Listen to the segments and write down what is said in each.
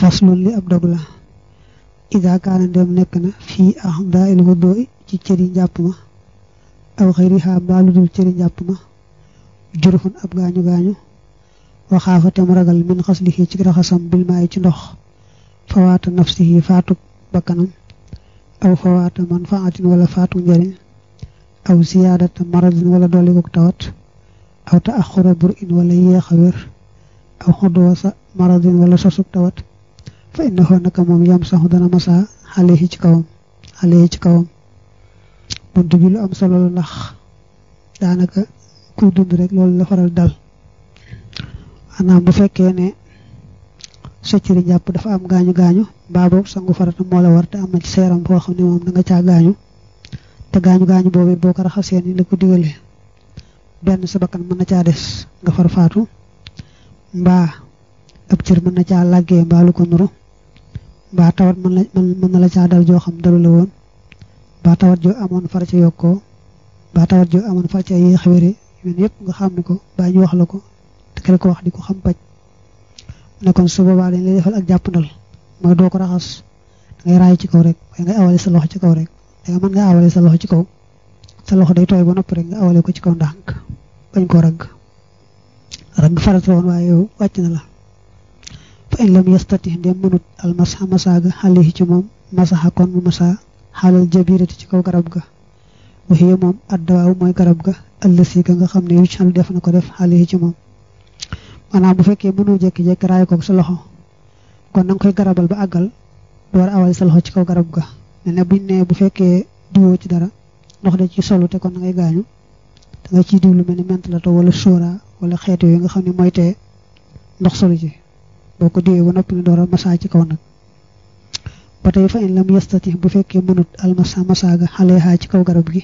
faslun li ab dog la ida kaana dem nekk na fii ahda il wuddooy ci cëri njàpp ma aw xëyri ha mbaa dul cëri njàpp ma jurxun ab gaañu gaañu waxaafa tem ragal min xaslihi ci raxasam bil ci ndox fawaata nafsihi faatu bakkanam aw fawaata manfaatin wala faatu njariñ aw siyaadata maradin wala dolli tawat aw ta axura bur in wala yeexa wér aw xodwasa maradin wala sosuk tawat fa innahu naka moom yam saxu dana masaa masa alayhi ci kawam alayhi ci kawam bunt bi lu am solo la ndax daanaka kuy dund rek loolu la faral dal maanaam bu fekkee ne sa cëri jàpp dafa am gaañu gaañu mbaa boobu sangu farata moo la war te am na ci seeram foo xam ne moom da nga caa gaañu te gaañu gaañu boobu boo ko raxasee ni la ko digalee benn sa bakkan mën na caa des nga far faatu mbaa ab cër mën na caa làggee mbaa lu ko nuru mbaa tawat mën la mën na la caa dal joo xam dalu la woon mbaa tawat joo amoon far ca yokkoo mbaa tawat joo amoon far ca yéex wére yooyu yëpp nga xam ne ko baa ñu wax la ko te kër ko wax di ko xam paj mu ne kon su boobaa dañ lay defal ak jàppandal mooy doo ko raxas dangay raay ci kaw rek waaye ngay awale sa loxo ci kaw rek danga mën nga awale sa loxo ci kaw sa loxo day tooy ba noppi rek nga awale ko ci kaw ndànk bañ koo ragg ragg farata woon waaye yow wàcc na la fa in lam yastati ndem mënut almasa masa ga xalihi ci moom masaxa kon mu masa xaalal jabirati ci kaw garab ga waxiye moom addawaaw mooy garab ga ëllësi ga nga xam ne yucc xalu def na ko def xalihi ci moom bu fekkee mënoo jékki-jékki raay koog sa loxo kon na koy garabal ba àggal door awal sa loxo ci kaw garab ga mel ne buñ ne bu fekkee diwoo ci dara ndox da ci solu te kon na ngay gaañu da nga ciy diw lu mel ne mentalato wala sóora wala xeet yooyu nga xam ne mooy tee ndox solu ci boo ko diwee ba noppi na door a massa ci kaw nag ba tey fa in lam bu fekkee mënut almasa masaa ga xale xaleexaa ci kaw garab gi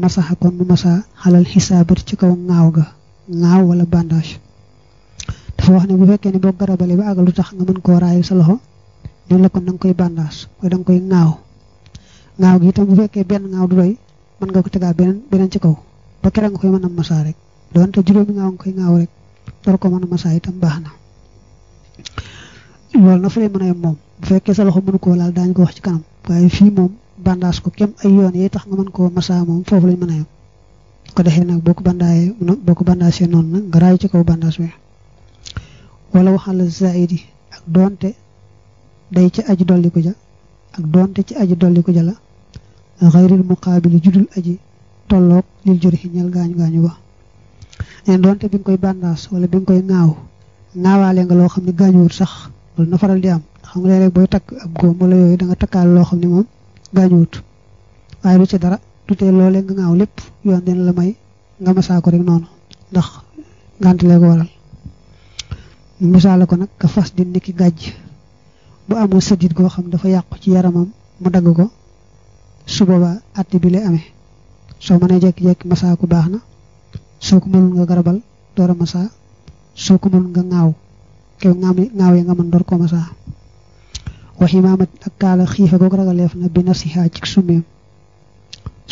masaxa kon mu massa xalal xisaabati ci kaw ŋaaw ga ŋaaw wala bandage dafa wax ne bu fekkee ne boo garabalee ba lu tax nga mën koo raayu sa loxo ñun la kon da koy bandage mooy danga koy ŋaaw ŋaaw gi itam bu fekkee benn ŋaaw du doy mën nga ko tegaat beneen beneen ci kaw ba keroog nga koy mën a massa rek donte juróomi ŋaaw nga koy ŋaaw rek door ko mën a massa itam baax na loolu na fa lay mën a yem moom bu fekkee sa loxo mënu koo laal daañ ko wax ci kanam waaye fii moom bandage ko kem ay yoon yi tax nga mën koo massa moom foofu lañ mën a yem ko defee nag boo ko bandaayee boo ko bandaasee noonu nag nga raay ci kaw bandage day ci aji dolli ko ja ak doonte ci aji dolli ko ja la xayril muqaabili judul aji tolloog lil jurixi ñel gaañu gaañu ba neen doonte bi koy bandaas wala bi koy ŋaaw ŋaawaale nga loo xam ne gaañuwut sax loolu na faral di am xam nga léeg-léeg booy takk ab góom wala yooyu danga nga takkaal loo xam ne moom gaañuwut waaye du ci dara du tee loolee nga ngaaw lépp yoon dina la may nga masaa ko rek noonu ndax ngànt lee ko waral misaala ko nag ka fas di nekki gàjj bu amul sëddit goo xam dafa yàqu ci yaramam mu dagg ko su boobaa àtte bi lay amee soo mënee jekki-jekki masaa ku baax na soo ko mënul nga garabal door a masaa soo ko mënul nga ngaaw ngir naawee nga mën door ko masa waxi maamat ak kaala xiife goog ragaleef na bi nasiha ci summeem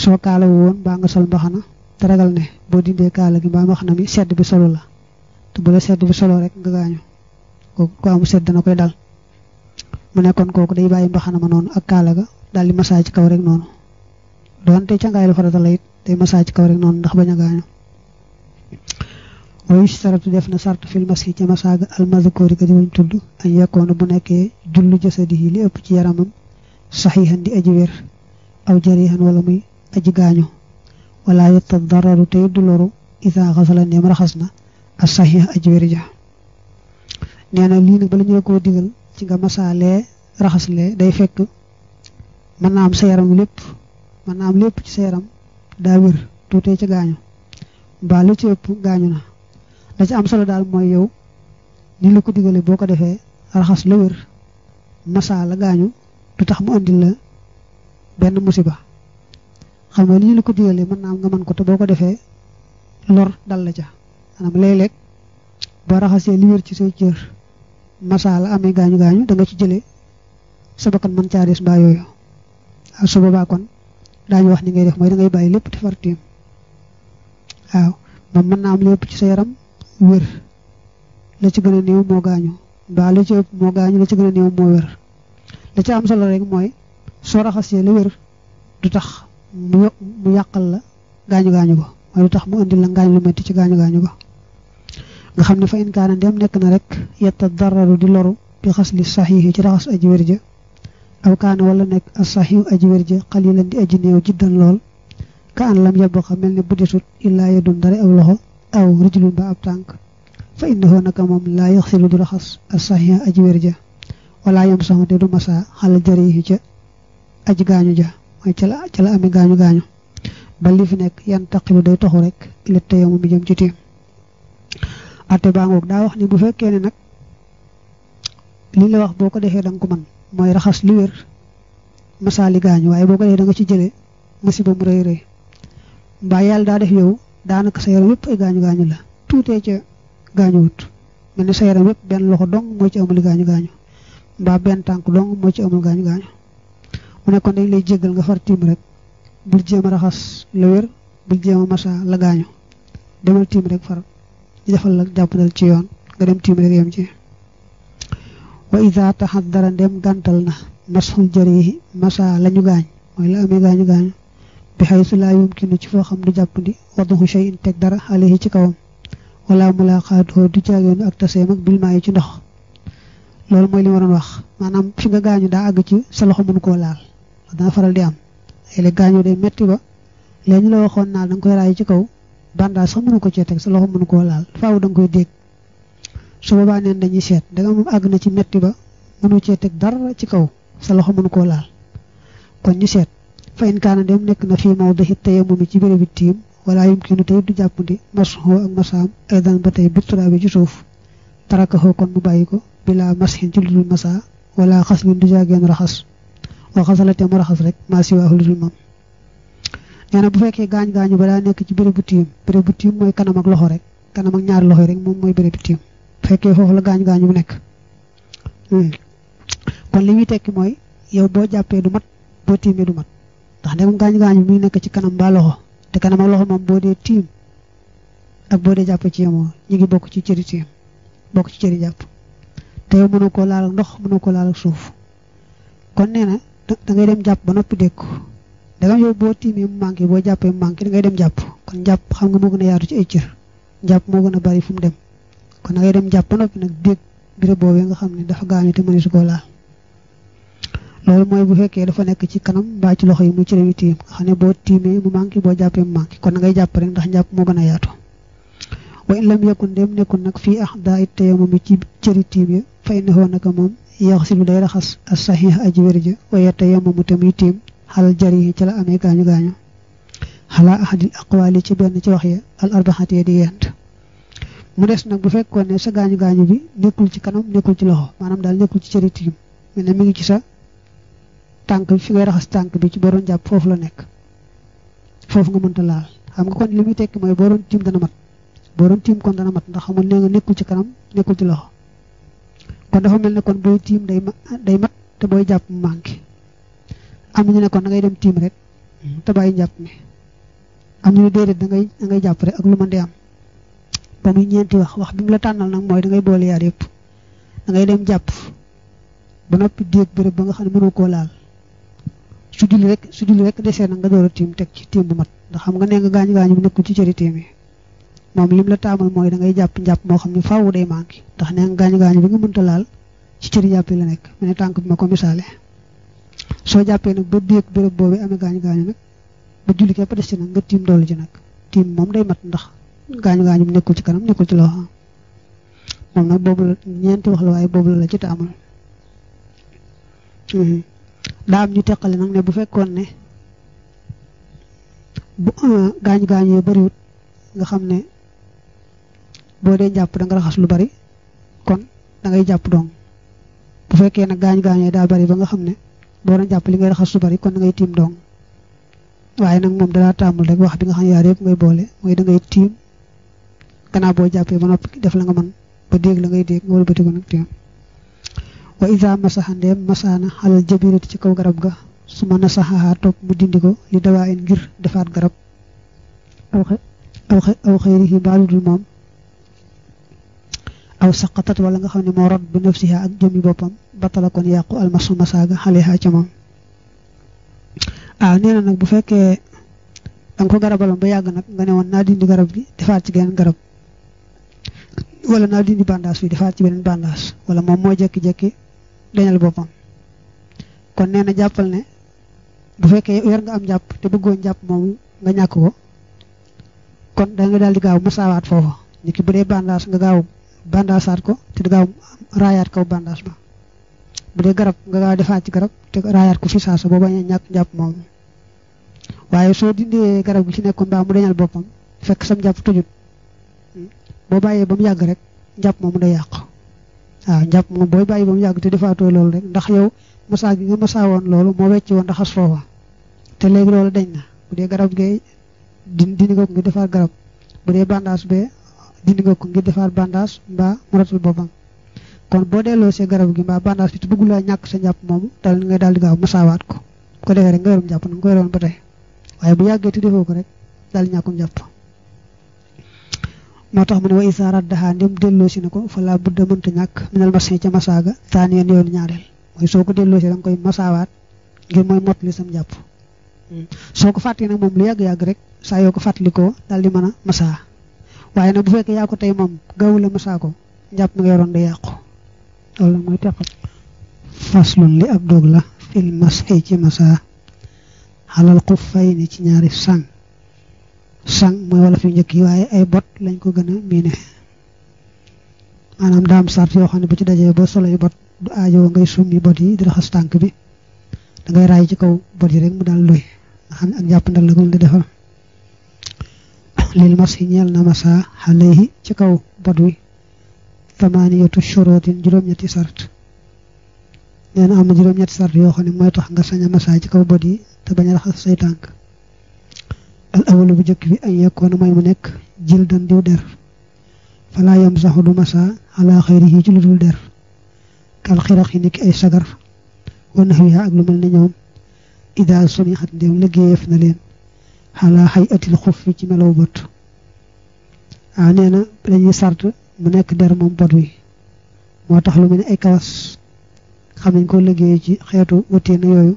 soo kaala woon baa nga sol mbaxana te ragal ne boo dindee kaala gi mbaa mbaxana mi sedd bi solo la te bu la sedd bi solo rek nga gaañu ko amu sedd na koy dal mu nekkoon kooku day bàyyi mbaxana ma noonu ak kaala ga daal di masaa ci kaw rek noonu doonte càngaayal farata la it day masaa ci kaw rek noonu ndax bañ a wa yustaratu def na sartu fil masi ma masaaga almadhkuri ka di wañ tudd añ yakkoona bu nekkee jullu jasadihi li ëpp ci yaramam saxiixan di aji wér aw jarihan wala muy aji gaañu wala yetta dararu tey du loru isaa xasala ndeem raxas na ak saxiix aji ja nee lii nag bala ñu la koo digal ci nga masaalee raxaslee day fekk mën naa am sa yaram lépp mën naa am lépp ci sa yaram daa wér tuutee ci gaañu mbaa lu ci ëpp gaañu na la ci am solo daal mooy yow ni la ko digale boo ko defee raxas la wér masaa la gaañu du tax mu andil la benn musiba xam nga li ñu la ko digalee mën naa am nga mën ko te boo ko defee lor dal la ca maanaam léeg-léeg boo raxasee li wér ci say cër masaa la amee gaañu gaañu da ci jëlee sa bakkan mën caa des mbaa yooyu su boobaa kon daañu wax ni ngay def mooy da ngay bàyyi lépp te far tiim waaw moom mën naa am lépp ci sa yaram wér la ci gën a néew moo gaañu mbaa la ci ëpp moo gaañu la ci gën a néew moo wér la ci am solo rek mooy soo raxasee la wér du tax mu mu yàqal la gaañu gaañu ko mooy du tax mu indi la ngaañ lu metti ci gaañu gaañu ko nga xam ne fa in kaana ndem nekk na rek yetta dararu di loru bi xas li saxiixi ci raxas aji wér ja aw kaana walla nekk a saxiixu aji wér ja xalilan di aji néew jiddan lool ka an lam yabba mel ne budditut illaa yedun dara aw loxo aw rijlun ba ab tànk fa innahu naka moom laa yaxsilu du raxas as aj aji wér ja wala yam sax te du masaa xala jarihi ca aji gaañu ja mooy ca la ca la amee gaañu gaañu ba li fi nekk yan taqilu day toxu rek lit te yow mi jëm ci tiim ate baa ngoog daa wax ni bu fekkee ne nag li la wax boo ko defee da nga ko mën mooy raxas li wér masaa li gaañu waaye boo ko defee da nga ci jëlee musiba mu rëy rëy mbaa yàlla daa def yow daanaka sa yaram yëpp ay gaañu gaañu la tuutee ca gaañuwut mel ni sa yaram yëpp benn loxo dong moo ci amul gaañu gaañu mbaa benn tànk dong moo ci amul gaañu gaañu mu nekkoon kon dañ lay jéggal nga far tiim rek bul jéem a raxas la wér bul jéem a masa la gaañu demal tiim rek far ñu defal la jàppandal ci yoon nga dem tiim rek yem ci wa ida taxaddara ndem gàntal na masul jëriyi masa la ñu gaañ mooy la amee gaañu gaañu bi xaysu laa yumkinu ci foo xam du jàppandi wadaxu shay'in teg dara alayhi ci kawam wala mulaqaatoo du jaagoonu ak taseem ak bil maayi ci ndox loolu mooy li ma wax maanaam fi nga gaañu daa àgg ci sa loxo mënu koo laal dana faral di am ay gaañu day metti ba léegi la waxoon naa da koy raay ci kaw bandage sax ko cee teg sa loxo mënu koo laal faaw da nga koy dégg su boobaa neen dañuy seet danga moom àgg na ci metti ba mënu cee teg dara ci kaw sa loxo mënu koo laal kon ñu seet fa in kaana nekk na fii mawdihi tayammumi ci bérébu tiim wala yumkinu tey du jàppandi masxo ak masaam ay daan ba tey bittura bi ci suuf tarakaxoo kon mu bàyyi ko bilaa masxin ci ludul masa wala xas lin du jaageen raxas wa xasala mu raxas rek maa si waaxu ludul na bu fekkee gaañ-gaañu ba daa nekk ci bérébu tiim bérébu tiim mooy kanam ak loxo rek kanam ak ñaari loxo rek moom mooy bérébu tiim bu fekkee foofu la gaañ-gaañu bu nekk hmm. li muy tekki mooy yow boo jàppee du mat boo tiimee du ndax dem gaañ-gaañ bi mu nekk ci kanam ba loxo te kanam ak loxo moom boo dee tiim ak boo dee jàpp ci yemoo ñu ngi bokk ci cëri tiim bokk ci cëri jàpp te yow mënoo koo laal ak ndox mënoo koo laal ak suuf kon nee na da ngay dem jàpp ba noppi ko dangay yow boo tiimee mu manqué boo jàppee mu manqué da ngay dem jàpp kon jàpp xam nga moo gën a yaatu ci ay cër jàpp moo gën a bari fu mu dem kon da ngay dem jàpp ba noppi nag dégg bërëb boobee nga xam ne dafa gaañu te mënees koo laal loolu mooy bu fekkee dafa nekk ci kanam mbaa ci loxo yi mu ci tiim nga xam ne boo tiimee mu manqué boo jàppee mu manqué kon na ngay jàpp rek ndax njàpp moo gën a yaatu wa in lam yakun dem nag fii ax daa it tayammum yi ci cëri tiim fay nexoo naka moom yaxsilu day raxas as saxiix aji wér ja waaye tayammumu tamuy tiim xalal jariyi ci la amee gaañu gaañu xalaa ahadil aqwaali ci benn ci wax ya al arbaxat di yent mu des nag bu fekkoon ne sa gaañu gaañu bi nekkul ci kanam nekkul ci loxo maanaam daal nekkul ci cëri tiim mu mi ngi ci sax tànk bi fi ngay raxas tànk bi ci booroon jàpp foofu la nekk foofu nga mënta laal xam nga kon li muy tekki mooy booroon tiim dana mat booroon tiim kon dana mat ndax xamul nee nga ci kanam nekkul ci loxo kon dafa mel ne kon booy tiim day day mat te booy jàpp mu manqué am ñu ne kon da ngay dem tiim rek te bàyyi njàpp mi am ñu ne déedéet da ngay da ngay jàpp rek ak lu mën di am ba muy ñeenti wax wax bi mu la tànnal nag mooy dangay ngay boole yaar yëpp da ngay dem jàpp ba noppi déeg bërëb ba nga xam ne mënoo koo laal su julli rek su julli rek desee na nga door a tiim teg ci tiim bu mat ndax xam nga nee nga gaañu gaañu bi nekkul ci cëri tiim yi moom mooy da ngay jàpp njàpp moo xam ne faawu day manqué ndax nee nga gaañu bi nga mënta laal ci cëri jàppee la nekk mu ne tànk bi ma ko misaale soo jàppee nag ba biig bërëb boobu amee gaañu gaañu nag ba julli képp des ci nag nga tiim dolli ji nag tiim moom day mat ndax gaañu gaañu bi nekkul ci kanam nekkul ci loxo moom nag boobu la ñeenti wax la waaye boobu la la ci taamal hmm. daam ñu teqale nag ne bu fekkoon ne bu gaañ gaañ yoo bariwut nga xam ne boo dee jàpp da nga raxas lu bari kon dangay jàpp dong bu fekkee nag gaañ gaañoo yoo daa bari ba nga xam ne boo doon jàpp li ngay raxas lu bari kon da ngay tiim dong waaye nag moom dalaa tàmmul rek wax bi nga xam yaar yëpp ngay boole mooy da ngay tiim gannaaw boo jàppee ba noppi def la nga mën ba dégg la ngay dégg nga wëlbatiku nag tiim wa ida masaxa ndeem masaana xalal jabirati ci kaw garab ga su ma nasaxaha topp mu dindi ko li dawaa in ngir defaat garab aw aw xëyri yi baalu aw saqatat wala nga xam ne moo rot bi boppam batala kon yàqu almasu masaaga xaliha ca moom waaw nee na nag bu fekkee danga ko garabaloon ba yàgg nag nga ne woon naa dindi garab gi defaat ci geneen garab wala naa dindi bandaas bi defaat ci beneen bandaas wala moom moo jekki-jekki dañal boppam kon nee na jàppal ne bu fekkee weer nga am jàpp te bëggoo jàpp moom nga ñàkk ko kon da nga daal di gaaw saawaat foofa nit ki bu dee bandaas nga gaaw bandaasaat ko te gaaw raayaat ko bandaas ba bu dee garab nga gaaw defaat ci garab te raayaat ko fi saasa boo bañee ñàkk jàpp moom waaye soo dindee garab gi ci nekkoon mbaa mu dañal boppam fekk sam jàpp tëjut hmm, boo bàyyee ba mu yàgg rek jàpp moomu day yàq waaw njàpp moom booy bàyyi ba mu yàgg te defaatoo loolu rek ndax yow masaa gi nga masaa woon loolu moo wecc woon raxas foofa te léegi loolu dañ na bu dee garab gee dindi nga ko ngir garab bu dee bandaas bee dindi nga ko ngir defaat bandage mbaa mu ratul boppam kon boo delloo see garab gi mbaa bandage bi te bëggulaa ñàkk sa njàpp moomu dal ngay daal di gaaw masaawaat ko ko defee rek nga yorum njàpp na nga ko yoroon ba tey waaye bu yàggee te defoo ko rek daal di njàpp moo tax mu ne wa isa raddaha ndem delloo si na ko fa laa budda mënta ñàkk minal masin ca masaaga taaniyan yoonu ñaareel mooy soo ko delloo si koy masaawaat ngir mooy mot li sam jàpp hmm. soo ko fàttee nag moom lu yàgg-yàgg rek saa yoo ko fàttalikoo daal di mën a masaa waaye nag bu fekkee yaa ko tey moom gaaw la masaa ko njàpp ma nga yoroon yàqu loolu mooy teq faslun li ak doog la fil mas ci masaa xalal xuffay ni ci ñaari sànq sang mooy wala fi njëkk yi waaye ay bot lañ ko gën a miine maanaam daam sart yoo xam ne bu ci dajee ba solo bot du aajowoo ngay summi bot yi di raxas tànk bi da ngay raay ci kaw bot yi rek daal luy xam ne ak jàpp ndal la ko di defal lil mas yi ñeel na masa alayhi ci kaw bot wi tamaaniyatu shurootin juróom-ñetti sart nee na am na yoo xam ne mooy tax nga sañ a ci kaw bot yi te bañ a raxas say tànk al awalu bu njëkk bi ay yekkoon may mu nekk jil dan diw der fala saxu du masa ala xayrihi ci lu dul der kal xirax yi niki ay sagar wan naxwiya ak lu mel ne ñoom idaal soni xat ndéem liggéeyeef na leen xala xay atil xof fi ci melaw bot ah nee na dañuy sart mu nekk der moom bot wi moo tax lu mel ne ay kawas xam nañ ko liggéeye ci xeetu wateen yooyu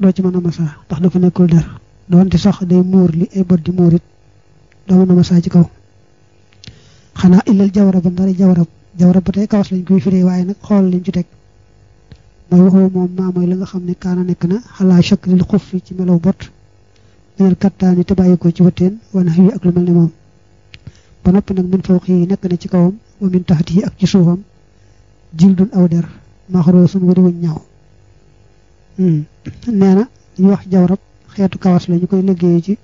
doo ci mën a masa ndax ko nekkul der doonte sax day muur li ay bët di muur it doo mën a masaa ci kaw xanaa illal jawara ba ndara jawarab jawarab ba tey kawas lañ koy firee waaye nag xool liñ ci teg mooy waxoo moom maa mooy la nga xam ne kaana nekk na xalaa chaklil xuf fi ci melow bot beneen kattaani te bàyyi ko ci wëtteen wana yu ak lu mel ne moom ba noppi nag min fawqi yi nekk na ci kawam wa min taxati yi ak ci suufam jildun aw der maxaroo suñ wariwuñ ñaaw hmm. nee na ñu wax jawrab xeetu kawas la ñu koy liggéeyee ci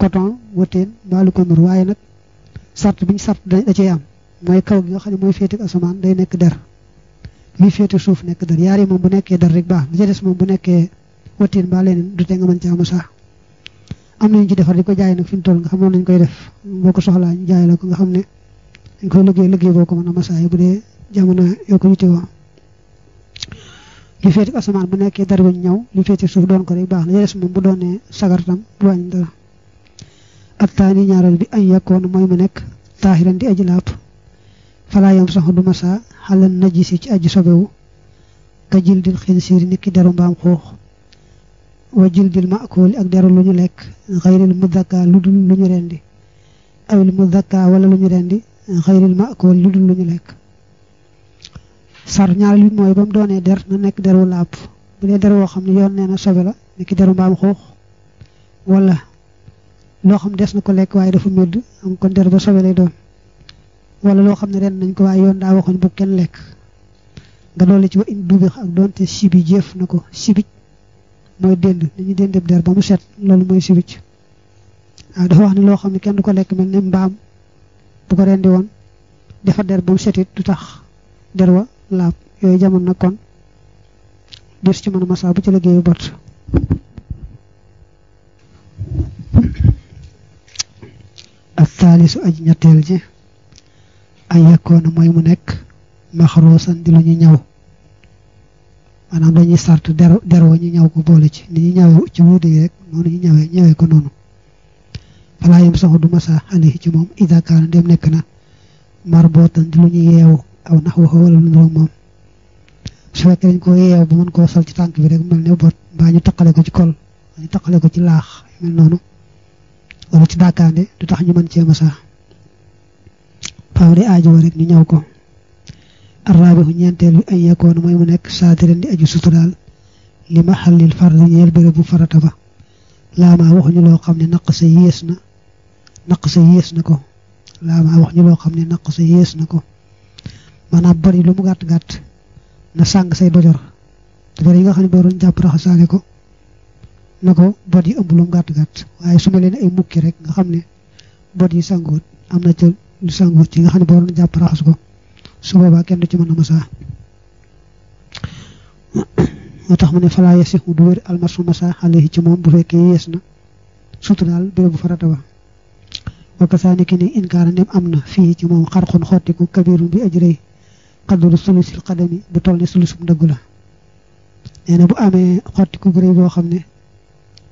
coton wëteen mbaalu ko nur waaye nag sart bi ñu sart da cee am mooy kaw gi nga xam ne mooy féete asamaan day nekk der lii féete suuf nekk der yaar yi moom bu nekkee der rek baax li ca des moom bu nekkee wëteen mbaa leneen du tee nga mën ci amu sax na ñu ci defar di ko jaay nag fi mu toll nga xam noonu koy def boo ko soxlaa ñu jaay la ko nga xam ne dañ koy liggéey liggéey boo ko mën a masaay bu dee jamono yoo ko li féete asamaan bu nekkee dara bañ ñëw li féete suuf doon ko rek baax na ya des bu doonee sagartam du wàññi dara ak ñaaral bi añ yekkoon mooy mu nekk taaxiran di aji laab falaayam sax du masa xalal najisi ci aji sobewu ka jildil xinsiir ni ki deru mbaam xuux wa jildil maakooli ak deru lu ñu lekk xayril mudakka lu dul lu ñu rendi awil mudakka wala lu ñu rendi xayril maakooli lu dul lu ñu lekk sar ñaar bi mooy ba mu doonee der na nekk deru laab bu dee der woo xam ne yoon nee na sobe la nekk deru mbaam xuux wala loo xam ne des na ko lekk waaye dafa mëdd am ba sobe lay doon wala loo xam ne ren nañ ko waaye daa waxuñ bu kenn lekk nga dolli ci wa in dubix ak doonte sibi jëf na ko sibic mooy dénd dañuy déndeb der ba mu set loolu mooy sibic waaw dafa wax ne loo xam ne kenn du ko lekk mel ne mbaam bu ko rendi woon defar der ba mu set it du tax der wa laab yooyu jamono nag kon des ci mën masaa bu ci liggéeyu bot ak taalisu aj ñetteel ji ay yekkoona mooy mu nekk maxroosan di lu ñu ñaw maanaam dañuy sart der derwa ñu ñaw ko boole ci ni ñu ñawee ci wuute yi rek noonu ñu ñawee ñawee ko noonu falaa saxu du masaa xale ci moom idakaana dem nekk na marbootan di lu ñu yeewu aw nax waxoo wala lu ndox moom su fekkee dañ ko yeew ba mën koo sal ci tànk bi rek mel ne bot baa ñu taqale ko ci kol ñu taqale ko ci laax yu mel noonu wala ci dàkkaande du tax ñu mën cee masaa faaw aajo aajowoo rek ñu ñëw ko arraabihu ñeenteel bi ay yakoon mooy mu nekk saatiran di aju suturaal li ma xallil fard ñeel béréb bu farata ba laamaa waxuñu loo xam ne naq sa yées na naq sa yées na ko laamaa waxuñu loo xam ne naq sa yées na ko maanaam bor yi lu mu gàtt gàtt na sàng say dojor dojor yi nga xam ne boo doon jàpp raxasaale ko na ko bot yi ëmb lu mu gàtt gàtt waaye su ma leen ay mukki rek nga xam ne bot yi sanguwut am na ca lu sanguwut ci nga xam ne boo doon jàpp raxas ko su boobaa kenn du ci mën a masaa moo tax mu ne falaa yasix du wér almasu masa yi ci moom bu fekkee yees na surtout daal béré bu farata ba wakkasaani ki ne inkaara nem am na fii ci moom xarxun xottiku kabirun bi aj rëy xadaru sulusil xadami bu toll ne sulusum dëgg la nee na bu amee xottiku bu boo xam ne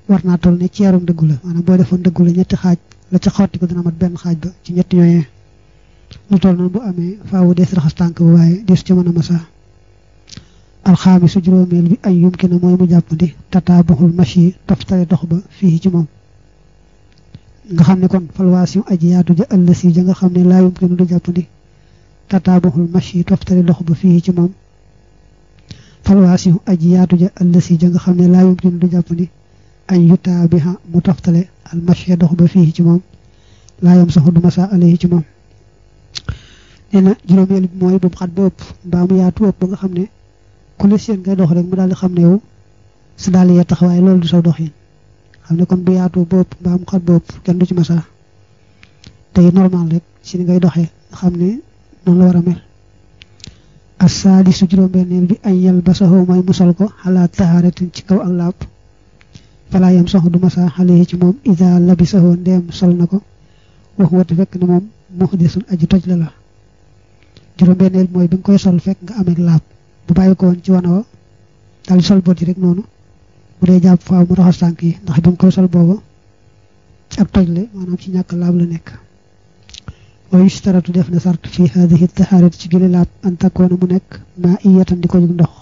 war naa toll ne ceerum dëgg la maanaam boo defoon dëgg la ñetti xaaj la ca xottiku dana mat benn xaaj ba ci ñetti ñooyee lu toll noonu bu amee faawu dees raxas tànk ba waaye dees ci mën a masa su juróomeel bi ay yumki na mooy mu jàppandi tataabuxul machi toftale dox ba fii ci moom nga xam ne kon falwaas aj aji yaatu ja ëllësi ja nga xam ne laa yumki na du jàppandi tataabuxul machi toftale dox ba fii ci moom falwaasihu aji yaatu ja allësi ja nga xam ne laa yumkin du jàpp ni an yutaa bi ha mu toftale al machi dox ba fii ci moom laayom yam saxu duma saa ci moom nee na juróomeel bi mooy bu mu xat ba mbaa mu yaatu ëpp nga xam ne ku la seen ngay dox rek mu daal di xam ne yow sa daal yee tax waaye loolu di saw dox yi xam ne kon bu yaatu ba mbaa mu xat ba kenn du ci masaa tey normal rek si ni ngay doxee xam noonu la war a mel asaadisu juróom-benneel bi añ yal basaxoo mooy musal ko xalaat taxaaratin ci kaw ak laab falaa yam sax du masaa xale ci moom ida labisaxoo ndeem sol na ko wax wati fekk na moom muxdisun aji toj la la juróom-benneel bi mooy bi nga koy sol fekk nga amee laab bu bàyyi ko woon ci wana wa daal sol boot yi rek noonu bu dee jàpp faaw mu raxas tànk yi ndax bi nga koy sol booba ak toj le maanaam ci ñàkk laab la nekk wa yushtaratu def na sart fi haadihi taxaarat ci gile laab an takkoona mu nekk maa iyatan di ko jug ndox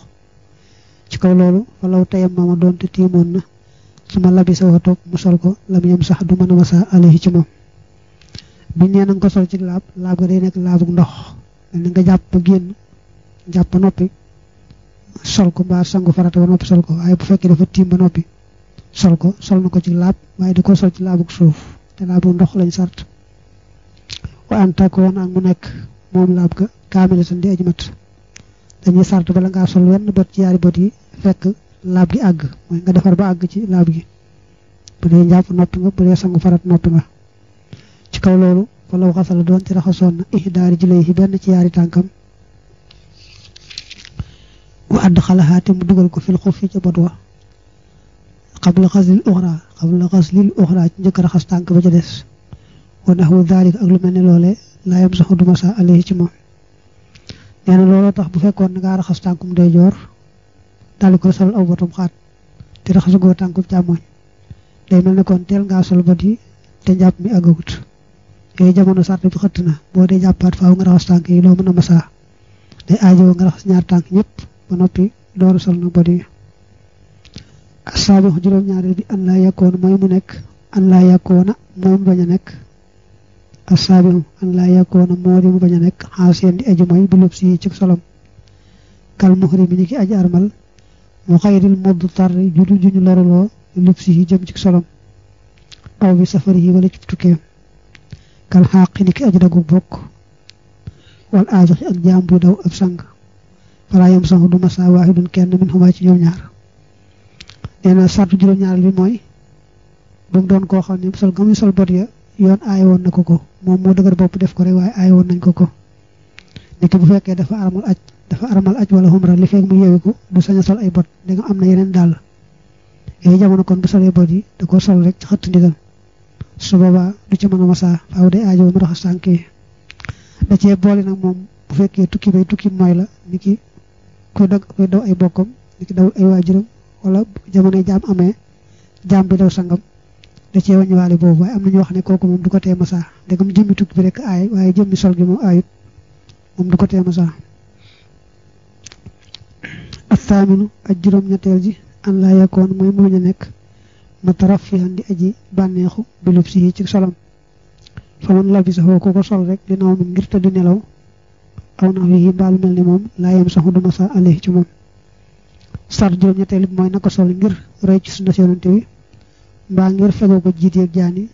ci kaw loolu falaw tayam mama doonte tiimoon na su ma labi sa toog mu sol ko lam yam sax du mën a wasa alayhi ci moom biñ nee na nga ko sol ci laab laab ga day nekk laabug ndox na nga jàpp génn jàpp ba noppi sol ko mbaa sangu farata ba noppi sol ko waaye bu fekkee dafa tiim ba noppi sol ko sol na ko ci laab waaye di ko sol ci laabug suuf te laabug ndox lañ sart wa an takoon ak mu nekk moom laab ga kaamilatan di aji mat dañuy sart bala ngaa sol wenn bot ci yaari bot yi fekk laab gi àgg mooy nga defar ba àgg ci laab gi bu dee njàpp noppi nga bu dee sangu farat noppi nga ci kaw loolu wala waxasala doon ci raxasoon na ihdaari jilay yi benn ci yaari tànkam wa àdd xalaxaate mu dugal ko fil xuf fi ca bot wa xabla xaslil uxra xabla xaslil uxra ci njëkk raxas tànk ba ca des wa naxwu daalika ak lu mel ne loolee laa yam saxu duma saa alayhi ci looloo tax bu fekkoon ngaa raxas tànkum ndeyjoor daal di ko sol aw batum xaat te raxasugoo tànkum càmmoñ day mel nekkoon kon teel ngaa sol ba yi te njàpp mi àggagut yooyu jamono sart bi xëtt na boo dee jàppaat faaw nga raxas tànk yi loo mën a masaa day aajoo nga raxas ñaar tànk ñëpp ba noppi dooru sol na bodi saabi juróom-ñaareel bi an laa yàkkoona mooy mu nekk an laa yàkkoona mooy mu bañ a nekk asaabihu an laa yakkoona moo di mu bañ a nekk xaaseen di aji mooy bi lub si ci solom kal muhri mi ni ki aji armal mu xayril modd tarri judul juñu loruloo lub si jëm ci solom aw bi safari yi wala ci tukkee kal xaaqi ni ki aji dagu bokk wal aajo ak jaam buy daw ab sang falaa yam sang du masa waahidun kenn min xumaa ci ñoom ñaar nee na sartu juróom-ñaar bi mooy bu doon koo xam ne sol gamuy sol bot ya yoon aay woon na ko ko moom moo dëgër bopp def ko rek waaye aay woon nañ ko ko niki bu fekkee dafa aramal aj dafa aramal aj wala umra li fekk mu ko du saña a sol ay bot da nga am na yeneen dàll yooyu jamono kon bu solee bot yi da koo sol rek ci xëtt ndigal su boobaa du ci mën a masaa faaw day aajo mu da cee boole nag moom bu fekkee tukki bay tukki mooy la niki kuy dog kuy daw ay bokkam niki daw ay waajuram wala jamono jaam amee jaam bi daw sangam da cee wàññiwaale boobu waaye am na ñu wax ne kooku moom du ko tee masaa ndegam jëmmi tukki bi rek aay waaye jëmmi sol gi moom aayut moom du ko tee masaa athaaminu ak juróom-ñetteel ji an laa yakoon mooy mu ñu nekk mutarafiyan di aji bànneexu bi lub si ci solam fa man labisa ko ko sol rek di naw ngir te di nelaw aw na yi mbaalu mel ni moom laa yem du masaa ale ci moom sar juróom-ñetteel bi mooy na ko sol ngir roy ci sunna mbaa ngir fegoo ko jiiteeg jaani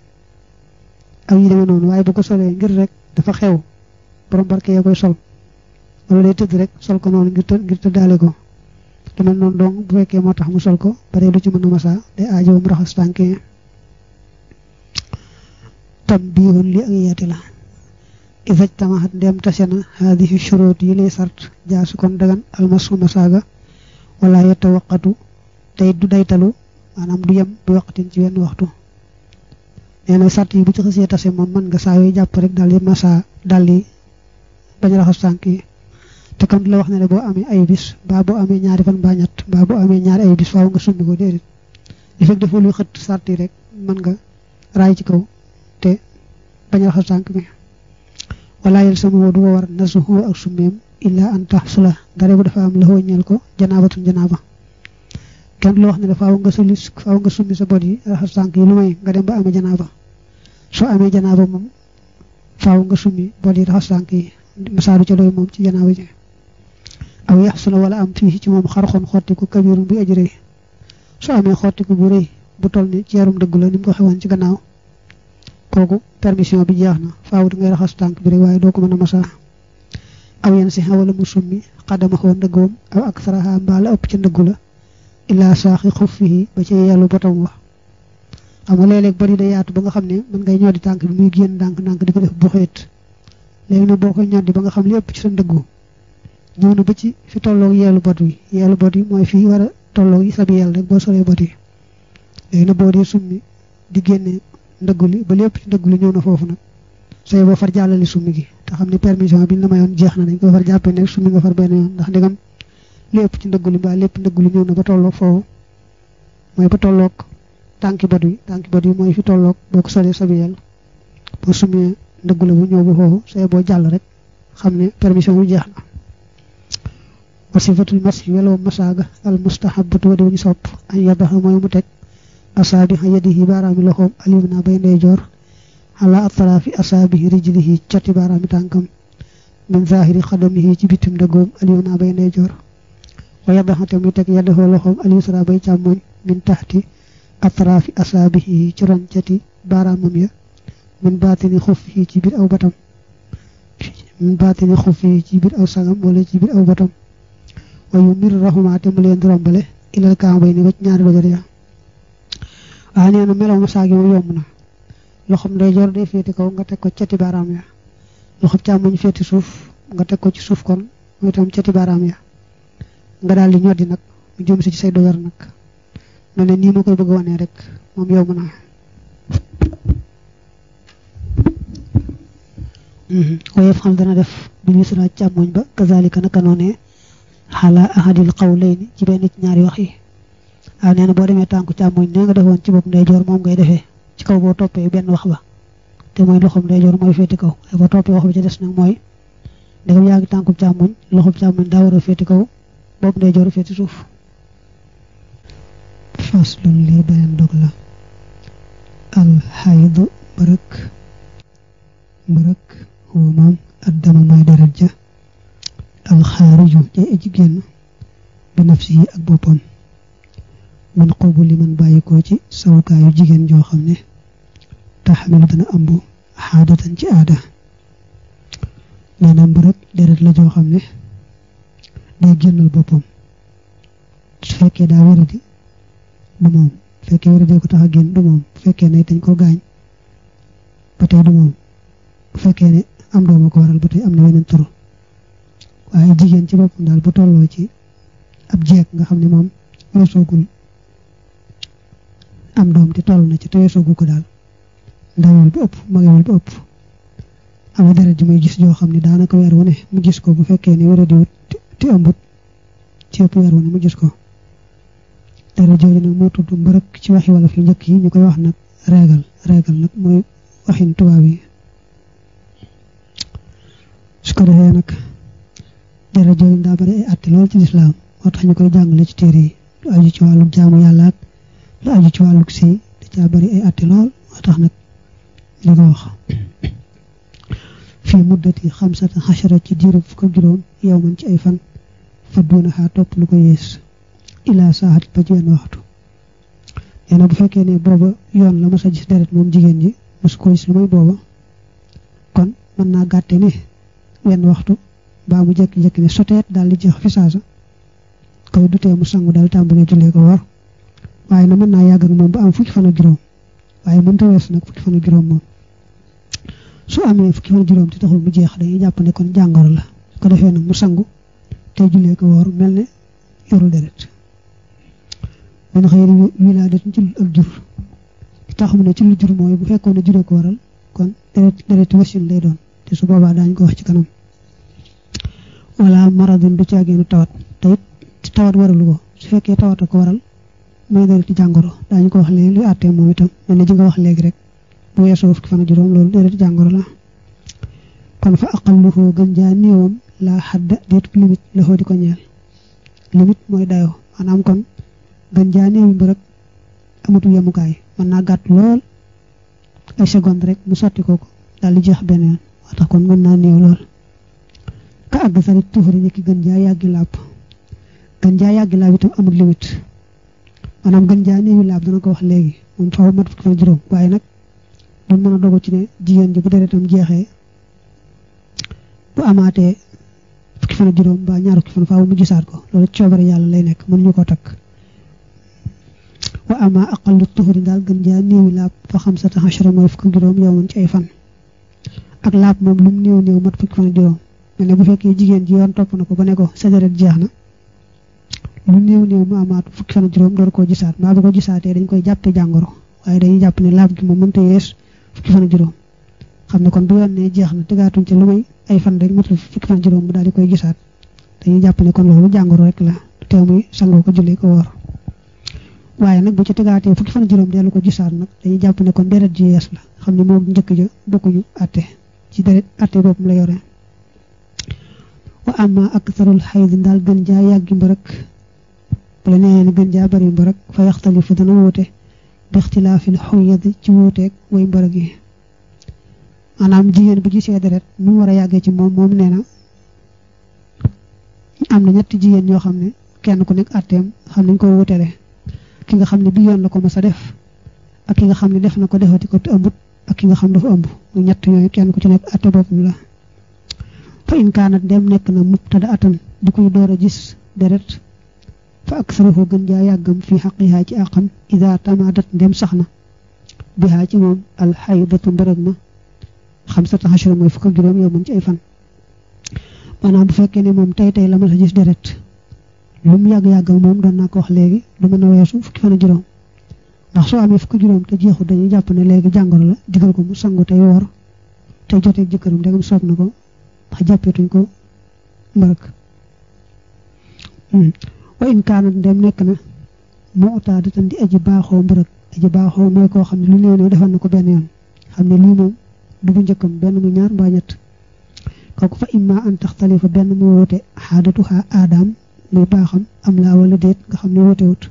ak yi demee noonu waaye bu ko solee ngir rek dafa xew borom barke yee koy sol wala day tëdd rek sol ko noonu ngir të ngir tëddaale ko te mel noonu dong bu fekkee moo tax mu sol ko bare lu ci mën a masaa day aajowam raxas tànk yi tam biiroon li ak yeeti la isaj tamaxat ndem tase na haadihi shuruut yi lay sart jaasu kon dagan almasu masaaga wala yetta waqatu tey du daytalu maanaam du yem bi ci wenn waxtu nee na sart yi bu ci xësee tase moom mën nga saa jàpp rek daal di massa daal di bañ a raxas tànk yi te kam la wax ne ne boo amee ay baa boo amee ñaari fan mbaa ñett boo amee ñaari ay bis faaw nga summi ko déedéet li fekk dafa luy xët sart yi rek mën nga raay ci kaw te bañ a raxas tànk bi wala yel sama woo du ko war nasuhu ak summeem illa an taxsula dara bu dafa am la ñeel ko janaabatu janaaba kenn la wax ne la faaw nga suli faaw nga summi sa bot yi raxas ah, tànk yi lu may nga dem ba amee janaaba soo amee janaaba moom faaw nga summi bot yi raxas tànk yi masaaru ca doy moom ci janaaba ji aw yax wala am fii ci moom xarxoon xottiku kabirum bu aji rëy soo amee bu rëy bu toll ni ci yarum dëgg la ni mu ko xewoon ci gannaaw kooku bi jeex na faaw di ngay raxas tànk bi rek waaye doo ko mën a masaa aw yenn si wala mu summi xadama xoo ndëggoom aw ak saraxa mbaa la ëpp ca ndëggu la illaa saaxi xuffihi ba ci yàllu botam wa xam nga léeg-léeg bari da yaatu ba nga xam ne mën ngay ñoddi tànk bi muy génn ndànk-ndànk di ko def bu xeet léegi nag boo koy ñoddi ba nga xam lépp ci sa ndëggu ñëw na ba ci fi tolloog yeelu bot yi yeelu bot yi mooy fi war a tolloog yi sabi yàlla rek boo solee bot yi léegi nag boo dee summi di génne ndëggu li ba lépp ci ndëggu li ñëw na foofu nag sooy boo far jàllale summi gi te xam ne permission bi ñu la mayoon jeex na dañ ko far jàppee ne summi nga far benn yoon ndax lépp ci ndëgg li mbaa lépp ndëgg li ñëw na ba tolloog foofu mooy ba tolloog tànki bët yi tànki bët yi mooy fi tolloog boo ko solee sa biyel boo sumee ndëgg bu ñëw bu foofu say boo jàll rek xam ne permission bu jeex na wasifatul mas weloo masaaga al mustahabatu wa di wuñu sopp an yabaxa mooy mu teg asaabixa yadihi baaraami loxoom alim naa bay ndeyjoor ala atraafi asaabihi rijlihi coti baaraami tànkam min zahiri xadamihi ci bitim wa yadaxante muy teg yaddaxoo loxoom al yusra bay càmmooñ min taxti atraafi asaabihi ci ron cati baaraamam ya min baatini xuf yi ci biir aw batam min baatini xuf yi ci biir aw sangam wala ci biir aw batam wa yu mir raxumaa te mu leen di rombale ilal kaambay ni wacc ñaari dojor ya waaye nee na melow masaagi mu yomb na loxoom ndeyjoor day féete kaw nga teg ko cati baaraam ya loxoom càmmoñ féete suuf nga teg ko ci suuf kon mu cati baaraam ya nga daal di ñoddi nag mu jëm ci say doyar nag ne nii ma koy bëgg wanee rek moom yow mën mhm. a dana def bi ñu sura càmmoñ ba kazalika naka noonee xala ahadil qawlayni ci benn ci ñaari wax yi waaw nee na boo demee tànku càmmoñ nee nga defoon ci bopp ndeyjoor moom ngay defee ci kaw boo toppee benn wax ba te mooy loxoom ndeyjoor mooy féeti kaw ay boo toppee wax bi ca des nag mooy ndegam yaa ngi tànku càmmoñ loxoom càmmoñ daa war a kaw boog ne joru feeti suuf faslun lii beneen dog la alxaydu mbërëk mbërëk huwa addama mooy deret ja alxaariju jay aji bi nafsihi ak boppam min xubu li man ci sawukaayu jigéen jooxam xam ne taxamilu dana ambu xaadatan ci aada nee na mbërëk deret la joo ne day génnal boppam su fekkee daa wéradi du moom bu fekkee wéradee ko tax génn du moom bu fekkee ne dañ ko gaañ ba tey du moom bu fekkee ne am dooma ko waral ba tey am na weneen toro waaye jigéen ci boppam daal bu tolloo ci ab jeeg nga xam ni moom weesoogul am doom te toll na ci te weesoogu ko daal ndawul bu ëpp magewul bu ëpp am deret ji muy gis joo xam ne daanaka weer wu mu gis ko bu fekkee ne wéradiwut te ëmbut ci ëpp weer wu mu gis ko dara jooju nag moo tudd mbërëk ci waxi wolof yu njëkk yi ñu koy wax nag reegal reegal nag mooy waxin tubaab yi su ko defee nag dara jooju daa bari ay atti lool ci lislaam moo tax ñu koy jàngale ci téere yi lu aju ci wàllu jaamu yàlla lu aju ci wàllu sëy da caa bari ay atti lool moo tax nag li ko wax fii muddati xamsata xachara ci diiru fukk juróom yow man ci ay fan fa duunaxaa topp lu ko yées ilaa saaxat ba ci wenn waxtu nee na bu fekkee ne yoon la mos a gis deret moom jigéen ji mosu ko gis lu may booba kon mën naa gàtte ne wenn waxtu baa mu jekki-jekki ne soteet daal di jeex fi saasa koy dutee mu sangu daal tàmbalee jullee ko war waaye na mën naa yàgg ak moom ba am fukki fan juróom waaye mënta wees nag fukki fan juróom moom su amee fukki fan juróom te taxul mu jeex dañuy jàpp ne kon jàngoro la su ko defee nag mu sangu te jullee ko woor mel ne yorul deret man xëy na wilaada ci ak jur tax ne ci lu jur mooy bu fekkoon ne juree ko waral kon deret deret wasin lay doon te su boobaa daañ ko wax ci kanam wala maradun du caageenu tawat te it tawat waralu ko su fekkee tawat a ko waral mooy deret jàngoro daañu ko wax léegi luy àttee moom itam mel ne ji nga wax léegi rek bu weesoo fukki fan ak juróom loolu déedéet jàngoro la kon fa aqalluhu gën jaa néewam laa xadda déet limite la xoo di ko ñeel limite mooy dayoo maanaam kon gën jaa néew bi rek yemukaay mën naa gàtt lool ay seconde rek mu sotti ko dal di jeex benn yoon tax kon mën naa néew lool ka àgg sari tuuxari ñi ki gën jaa yàggi laab gën jaa yàggi laab itam amul limite maanaam gën jaa néewi laab dana ko wax léegi moom faaw mat fukki fan juróom waaye nag ñu mën a dogu ci ne jigéen ji bu deretam jeexee bu amaatee fukki fan juróom ba ñaar fukki fan faaw ko loolu coobare yàlla lay nekk mënuñu koo takk wa ama aqallu daal gën jaa néewi laab fa xam sa taxachara mooy fukki juróom yow mën ci ay fan ak laab moom lu mu néew néew mat fukki fan ne bu fekkee jigéen ji yoon topp na ko ba ne ko sa deret jeex na lu néew néew mu amaat fukki fan ak juróom door koo jisaat mbaa bu ko gisaatee dañ koy jàppe jàngoro waaye dañuy jàpp ne laab gi moom mënta yees fukki fan juróom xam ne kon bu weer ne jeex na tëgaatuñ ca lu may ay fan rek matul fukki fan juróom mu daal di koy gisaat dañuy jàpp ne kon loolu jàngoro la teew muy ko julli ko woor waaye nag bu ci tëgaatee fukki fan juróom dellu ko gisaat nag dañuy jàpp ne kon deret ji yees la xam ne moo njëkk ja bokkuñu atte ci deret atte boobu la yore wa amma aktharul di daal gën jaa yàggi rek bu la nee na gën jaa bari mbarag fa yaxtalifu dana woote bi ixtilaafil xuwyadi ci wuuteeg way mbërëg yi maanaam jigéen bu gisee deret nu mu war a yàggee ci moom moom nee na am na ñetti jigéen ñoo xam ne kenn ku nekk àtteem xam nañ ko wutale ki nga xam ne bi yoon la ko mës a def ak ki nga xam ne def na ko defati ko ëmbut ak ki nga xam dafa ëmb mu ñett yooyu kenn ku ci nekk àtte boppam la fa in dem nekk na mubtada atan di koy door a gis deret fa ak saraxu gën jaa yàggam fi xaqihaa ci àqam ida tamadat ndem sax na bihaa ci moom alxaydatu mbërëg ma xam sa taxashura mooy fukk ak juróom yow mën ci ay fan maanaam bu fekkee ne moom tey tey la ma sa gis deret lu mu yàgg-yàggal moom doon naa ko wax léegi du mën a weesu fukki fan juróom ndax soo amee fukki juróom te jeexu dañuy jàpp ne léegi jàngoro la digal ko mu sangu tey woor tey joteeg jëkkëram ndegam soob na ko ndax jàppeetuñ ko mbërëg hmm. wa in ndem nekk na moo utaadatan di aji baaxoo mbërëg aji baaxoo mooy koo xam ne lu léeg-léeg defal na ko benn yoon xam ne lii moom du bu njëkkam benn mu ñaar mbaa ñett kooku fa imma an taxtalifa benn mu woote xaadatuha aadaam muy baaxam am laa wala déet nga xam ne woote wut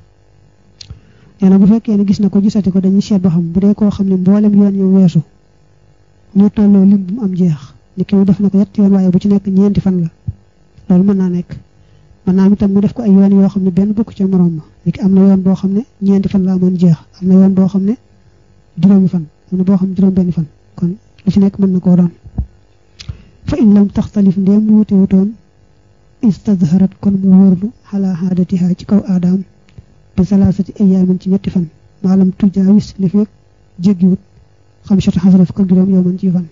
nee na bu fekkee ne gis na ko ji gisati ko dañuy seet ba xam bu dee koo xam ne mboolem yoon yu weesu ñu tolloo lim bu mu am jeex ni ki def na ko yett yoon waaye bu ci nekk ñeenti fan la loolu mën naa nekk mën naa tam itam def ko ay yoon yoo xam ne benn bokk ca morom ma léegi am na yoon boo xam ne ñeenti fan laa mën jeex am na yoon boo xam ne juróomi fan am na boo xam ne juróom benn fan kon lu ci nekk mën na koo doon fa in lam taxtalif ndéem wuute wutoon istadharat kon mu wóorlu xalaa xaadatiha ci kaw aadaam bi salaasati ayaamin ci ñetti fan maalam tujaawis li fekk jéggiwut xam sot xasaraf ko juróom yow mën ci fan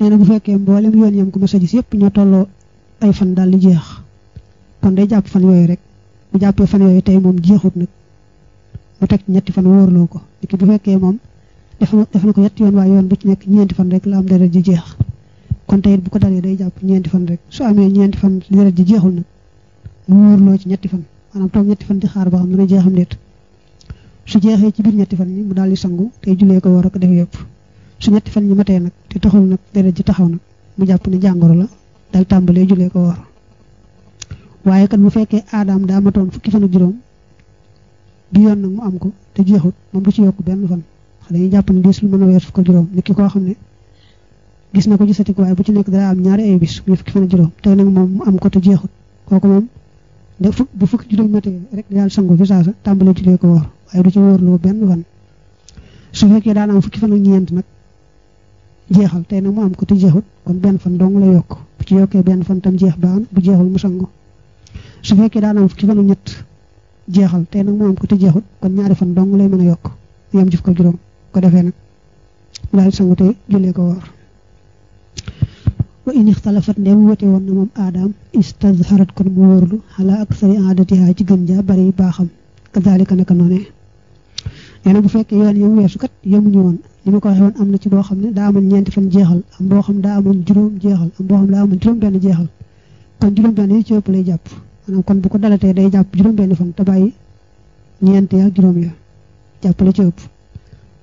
nee bu fekkee mboole yoon yam ko ma sa gis yëpp ñoo tolloo ay fan daal di jeex kon day jàpp fan yooyu rek bu jàppee fan yooyu tey moom jeexut nag mu teg ñetti fan wóorloo ko léegi bu fekkee moom def na def na ko ñetti yoon waaye yoon bu ci nekk ñeenti fan rek la am deret ji jeex kon tey bu ko dalee day jàpp ñeenti fan rek su amee ñeenti fan deret ji jeexul nag mu wóorloo ci ñetti fan maanaam toog ñetti fan di xaar ba xam dana jeexam déet su jeexee ci biir ñetti fan yi mu daal di sangu tey julee ko war ak def yëpp su ñetti fan yi matee nag te taxul nag deret ji taxaw nag mu jàpp ne jàngoro la dal tàmbalee julee ko war waaye kat bu fekkee aadaam daa matoon fukki fan juróom bi yoon nag mu am ko te jeexut moom du ci yokk benn fan dañuy jàpp ne bis lu mën a weer fukk ak juróom nit ki koo xam ne gis na ko gisatik waaye bu ci nekk dara am ñaari ay bis muy fukki fan ak am ko te kooku moom da fukk bu fukki juróom rek daal sangu fi saasa tàmbalee ci lee ko waaye du ci wóorloo benn fan su fekkee daan am fukki fan ak nag jeexal tey nag mu am ko te jeexut kon benn fan dong la yokk bu ci yokkee benn fan tam jeex baax bu jeexul mu sangu su fekkee daan am fukki fan ak ñett jeexal tey nag moo am ko te jeexut kon ñaari fan dong lay mën a yokk yam jëf ko juróom ko defee nag daal sangu tey jullee ko woor wa in ixtalafat ndem wote woon na moom aadaam istazharat kon mu wóorlu ala aksari aadatiha ci gën jaa bari baaxam kazalika naka noonee nee na bu fekkee yoon yom weesu kat yemuñu woon li ma ko waxee am na ci boo xam ne daa amoon ñeenti fan jeexal am boo xam daa amoon juróom jeexal am boo xam daa amoon juróom benn jeexal kon juróom ci ëpp lay jàpp maanaam kon bu ko dalatee day jàpp juróom-benn fan te bàyyi ñeent ya juróom ya jàppale ci ëpp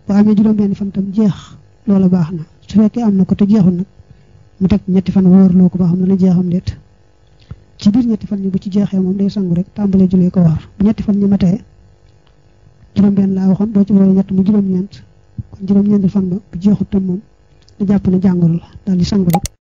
bu amee juróom-benn fan tam jeex loola baax na su fekkee am na ko te jeexul nag mu teg ñetti fan wóorloo ko baax xam na la jeexam déet ci biir ñetti fan ñi bu ci jeexee moom day sangu rek tàmbalee julee ko war bu ñetti fan ñi tey juróom-benn laa waxoon boo ci boole ñett mu juróom-ñeent kon juróom-ñeent fan ba bu jeexut tam moom da jàpp ne jàngoro la daal